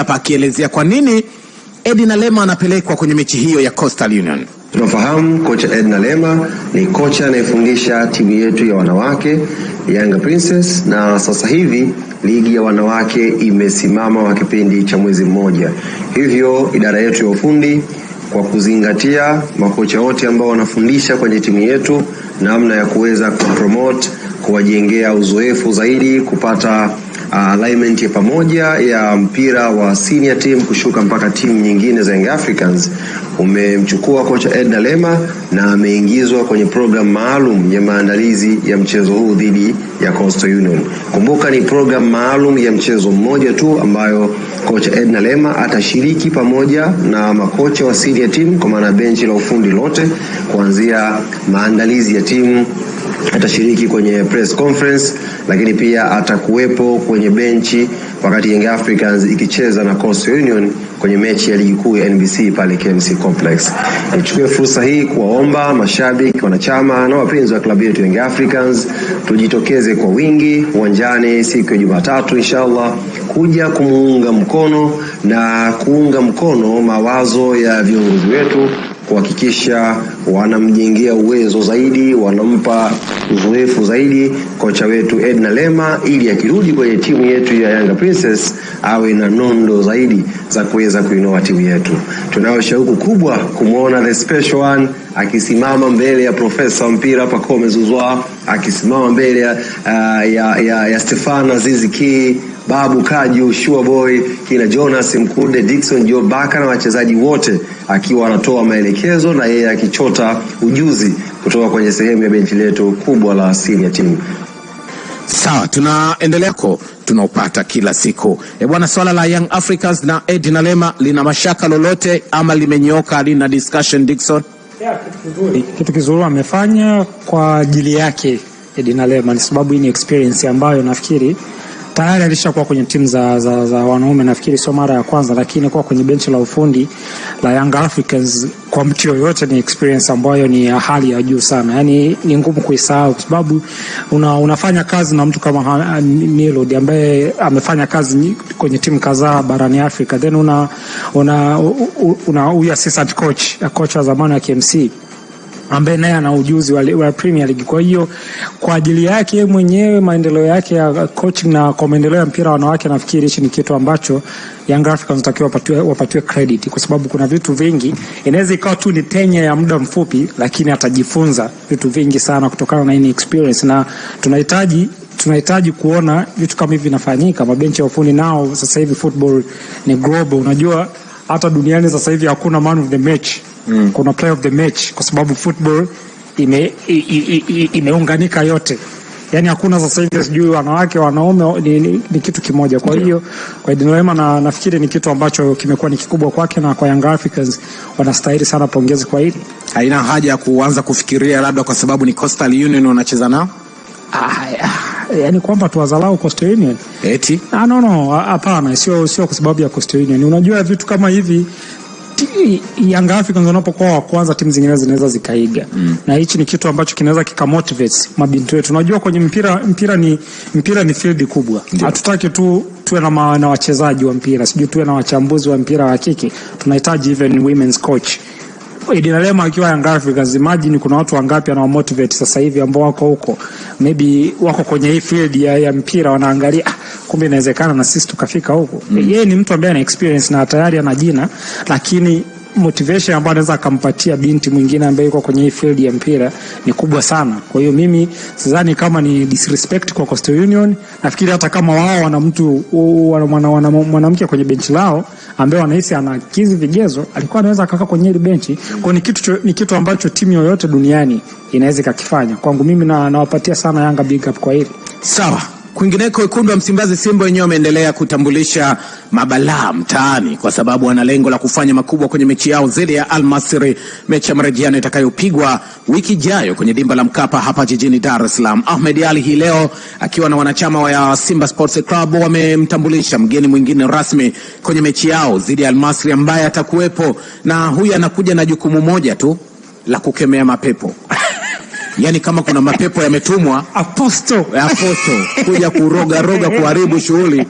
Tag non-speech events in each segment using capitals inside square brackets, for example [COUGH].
hapa akielezea kwa nini Edna Lema anapelekwa kwenye mechi hiyo ya Coastal Union. Tunafahamu kocha Edna Lema ni kocha anayefundisha timu yetu ya wanawake Yanga Princess, na sasa hivi ligi ya wanawake imesimama kwa kipindi cha mwezi mmoja, hivyo idara yetu ya ufundi kwa kuzingatia makocha wote ambao wanafundisha kwenye timu yetu, namna ya kuweza kupromote, kuwajengea uzoefu zaidi, kupata Uh, alignment ya pamoja ya mpira wa senior team kushuka mpaka timu nyingine za Young Africans umemchukua kocha Edna Lema na ameingizwa kwenye programu maalum ya maandalizi ya mchezo huu dhidi ya Coastal Union. Kumbuka ni programu maalum ya mchezo mmoja tu ambayo kocha Edna Lema atashiriki pamoja na makocha wa senior team kwa maana benchi la ufundi lote kuanzia maandalizi ya timu atashiriki kwenye press conference, lakini pia atakuwepo kwenye benchi wakati Young Africans ikicheza na Coastal Union kwenye mechi ya ligi kuu ya NBC pale KMC Complex. Nichukue fursa hii kuwaomba mashabiki, wanachama na wapenzi wa klabu yetu Young Africans tujitokeze kwa wingi uwanjani siku ya Jumatatu inshallah kuja kumuunga mkono na kuunga mkono mawazo ya viongozi wetu kuhakikisha wanamjengea uwezo zaidi, wanampa uzoefu zaidi kocha wetu Edna Lema, ili akirudi kwenye timu yetu ya Yanga Princess awe na nondo zaidi za kuweza kuinoa timu yetu. Tunayo shauku kubwa kumwona the special one akisimama mbele ya Profesa Mpira Pacome Zuzwa, akisimama mbele ya, uh, ya, ya, ya Stefana Ziziki Babu Kaji, Ushua Boy, kina Jonas Mkunde, Dickson Joe Baka na wachezaji wote, akiwa anatoa maelekezo na yeye akichota ujuzi kutoka kwenye sehemu ya benchi letu kubwa la senior team. Sawa, tunaendelea ko tunaopata kila siku e bwana, swala la Young Africans na Edna Lema lina mashaka lolote ama limenyoka, lina discussion Dickson? Yeah, kitu kizuri amefanya kwa ajili yake Edna Lema, ni sababu hii ni experience ambayo nafikiri tayari alishakuwa kwenye timu za, za, za wanaume nafikiri sio mara ya kwanza, lakini kuwa kwenye benchi la ufundi la Young Africans kwa mtu yoyote ni experience ambayo ni ya hali ya juu sana, yani ni ngumu kuisahau kwa sababu una, unafanya kazi na mtu kama Miloud ambaye amefanya kazi kwenye timu kadhaa barani Afrika, then una una huyu assistant coach, coach wa zamani wa KMC ambaye naye ana ujuzi wa, wa Premier League. Kwa hiyo kwa ajili yake mwenyewe maendeleo yake ya coaching na kwa maendeleo ya mpira wanawake, nafikiri hichi ni kitu ambacho Young Africans watakiwa wapatiwe, wapatiwe credit kwa sababu kuna vitu vingi, inaweza ikawa tu ni tenya ya muda mfupi, lakini atajifunza vitu vingi sana kutokana na hii experience, na tunahitaji tunahitaji kuona vitu kama hivi vinafanyika. Mabenchi ya ufundi nao sasa hivi football ni global, unajua hata duniani sasa hivi hakuna man of the match mm. kuna play of the match kwa sababu football ime, imeunganika yote yani hakuna sasa hivi sijui wanawake wanaume ni, ni, ni kitu kimoja. Kwa hiyo kwa Idin Rema na nafikiri ni kitu ambacho kimekuwa ni kikubwa kwake na kwa Young Africans wanastahili sana pongezi kwa hili. Haina haja ya kuanza kufikiria labda kwa sababu ni Coastal Union wanacheza nao. Ah, yani kwamba tuwazalau Coastal Union. Eti? Ah, no no, hapana, sio sio kwa sababu ya Coastal Union. Unajua vitu kama hivi Yanga Africans wanapokuwa wa kwanza, timu zingine zinaweza zikaiga mm. na hichi ni kitu ambacho kinaweza kikamotivate mabinti wetu. Unajua kwenye mpira, mpira ni mpira ni field kubwa, hatutaki tu tuwe na, na wachezaji wa mpira sijui tuwe na wachambuzi wa mpira wa kike, tunahitaji even women's coach Idina Lema akiwa Yanga Africans, imagine kuna watu wangapi anawamotivate sasa hivi ambao wako huko, maybe wako kwenye hii field ya, ya mpira wanaangalia ah, kumbe inawezekana na sisi tukafika huko. Mm. Yeye ni mtu ambaye ana experience na tayari ana jina, lakini motivation ambayo anaweza akampatia binti mwingine ambaye yuko kwenye hii field ya mpira ni kubwa sana. Kwa hiyo mimi sidhani kama ni disrespect kwa Coastal Union. Nafikiri hata kama wao wana mtu mwanamke kwenye benchi lao ambaye wanahisi anakidhi vigezo, alikuwa anaweza akakaa kwenye ile benchi. Kwa ni kitu, ni kitu ambacho timu yoyote duniani inaweza kakifanya. Kwangu mimi na nawapatia sana Yanga big up kwa hili. Sawa. Kwingineko, wekundu wa Msimbazi Simba wenyewe wameendelea kutambulisha mabalaa mtaani, kwa sababu wana lengo la kufanya makubwa kwenye mechi yao dhidi ya Al mechi ya marejiano itakayopigwa wiki ijayo kwenye dimba la Mkapa hapa jijini Dar es Salaam. Ahmed ali hii leo akiwa na wanachama wa Simba Sports Club wamemtambulisha mgeni mwingine rasmi kwenye mechi yao dhidi ya Al ambaye atakuwepo, na huyu anakuja na jukumu moja tu la kukemea mapepo [LAUGHS] yani kama kuna mapepo yametumwa aposto aposto kuja kurogaroga kuharibu shughuli,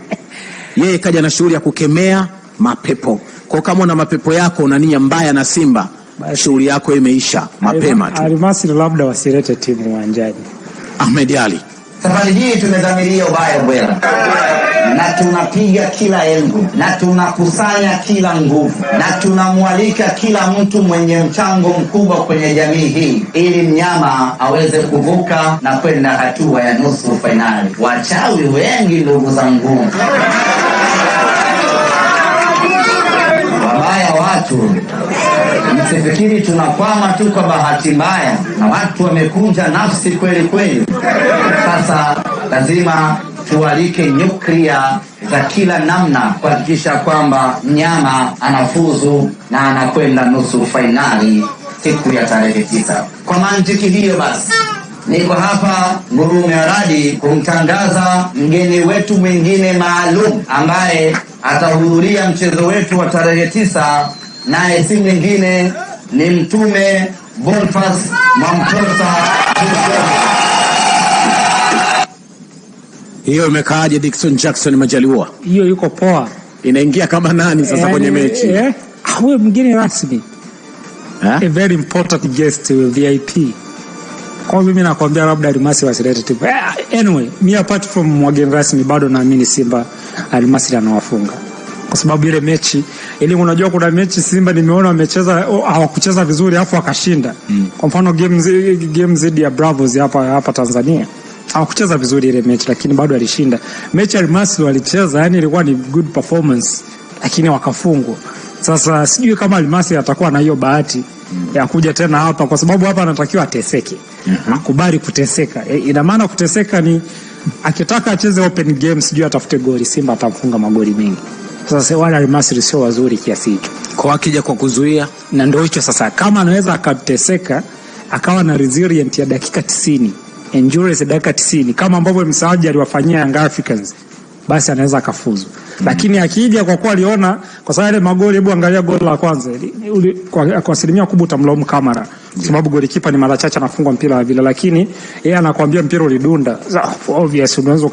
yeye kaja na shughuli ya kukemea mapepo. Kwa kama una mapepo yako una nia mbaya na Simba, shughuli yako imeisha mapema tu. Almasi labda wasilete timu uwanjani. Ahmed Ali Safari hii tumedhamiria ubaya bwela, na tunapiga kila engo, na tunakusanya kila nguvu, na tunamwalika kila mtu mwenye mchango mkubwa kwenye jamii hii, ili mnyama aweze kuvuka na kwenda hatua ya nusu fainali. Wachawi wengi, ndugu zangu, wabaya watu Usifikiri tunakwama tu kwa bahati mbaya, na watu wamekunja nafsi kweli kweli. Sasa lazima tualike nyuklia za kila namna kuhakikisha kwamba mnyama anafuzu na anakwenda nusu fainali siku ya tarehe tisa. Kwa mantiki hiyo basi niko hapa Ngurume ya Radi kumtangaza mgeni wetu mwingine maalum ambaye atahudhuria mchezo wetu wa tarehe tisa naye si mwingine ni Mtume Bonfas Mwamposa. Hiyo imekaaje, Dickson Jackson Majaliwa? Hiyo yuko poa, inaingia kama nani sasa eh, kwenye yani, mechi e, huyo mgeni rasmi eh? a very important guest VIP. Kwa mimi nakwambia, labda Almasi wasilete timu anyway, me apart from wageni rasmi, bado naamini Simba Almasi anawafunga kwa sababu ile mechi ili, unajua kuna mechi Simba nimeona wamecheza hawakucheza vizuri afu wakashinda. mm. Kwa mfano game game zidi ya Bravos hapa hapa Tanzania hawakucheza vizuri ile mechi, lakini bado alishinda mechi. ya Masry walicheza, yani ilikuwa ni good performance, lakini wakafungwa. Sasa sijui kama Al atakuwa na hiyo bahati mm. ya kuja tena hapa, kwa sababu hapa anatakiwa ateseke, mm -hmm. akubali kuteseka. e, Ina maana kuteseka ni akitaka acheze open games sijui atafute goli, Simba atamfunga magoli mengi. Sasa wale almasri sio wazuri kiasi hicho, kwa akija kwa kuzuia, na ndio hicho sasa. Kama anaweza akateseka akawa na resilient ya dakika 90, endurance ya dakika 90 kama ambavyo msaji aliwafanyia Young Africans, basi anaweza akafuzu. Mm-hmm. Lakini akija kwa kuwa aliona, kwa sababu ile magoli, hebu angalia goli la kwanza ile, kwa asilimia kubwa utamlaumu Kamara sababu goli kipa ni mara chache anafungwa mpira wa vile, lakini yeye anakuambia mpira ulidunda. Obvious, unaweza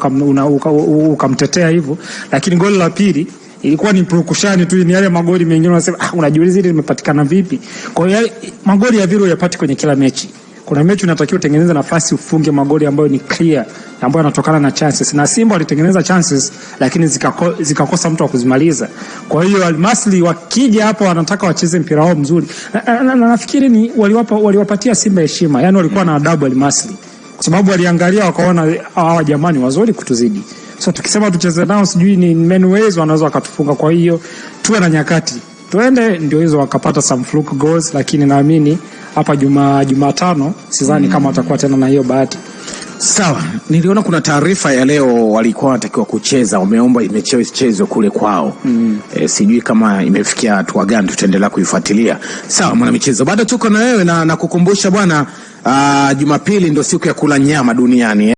ukamtetea hivyo, lakini goli la pili ilikuwa ni prokushani tu, ni yale magoli mengine unasema ah, unajiuliza ile imepatikana vipi? Kwa hiyo magoli ya vile yapati kwenye kila mechi. Kuna mechi unatakiwa utengeneze nafasi ufunge magoli ambayo ni clear, ambayo yanatokana na chances, na Simba walitengeneza chances lakini zikakosa zika mtu wa kuzimaliza. Kwa hiyo Almasri wakija hapo wanataka wacheze mpira wao mzuri, na nafikiri ni waliwapa waliwapatia Simba heshima, yani walikuwa na adabu Almasri, kwa sababu waliangalia wakaona hawa jamani wazuri kutuzidi. So tukisema tucheze nao sijui ni menu ways wanaweza wakatufunga. Kwa hiyo tuwe na nyakati tuende, ndio hizo wakapata some fluke goals, lakini naamini hapa juma Jumatano sidhani mm, kama watakuwa tena na hiyo bahati. Sawa, niliona kuna taarifa ya leo walikuwa wanatakiwa kucheza, wameomba imechezwe kule kwao mm. E, sijui kama imefikia hatua gani, tutaendelea kuifuatilia. Sawa michezo, bado tuko na wewe na nakukumbusha bwana, ah, Jumapili ndio siku ya kula nyama duniani eh.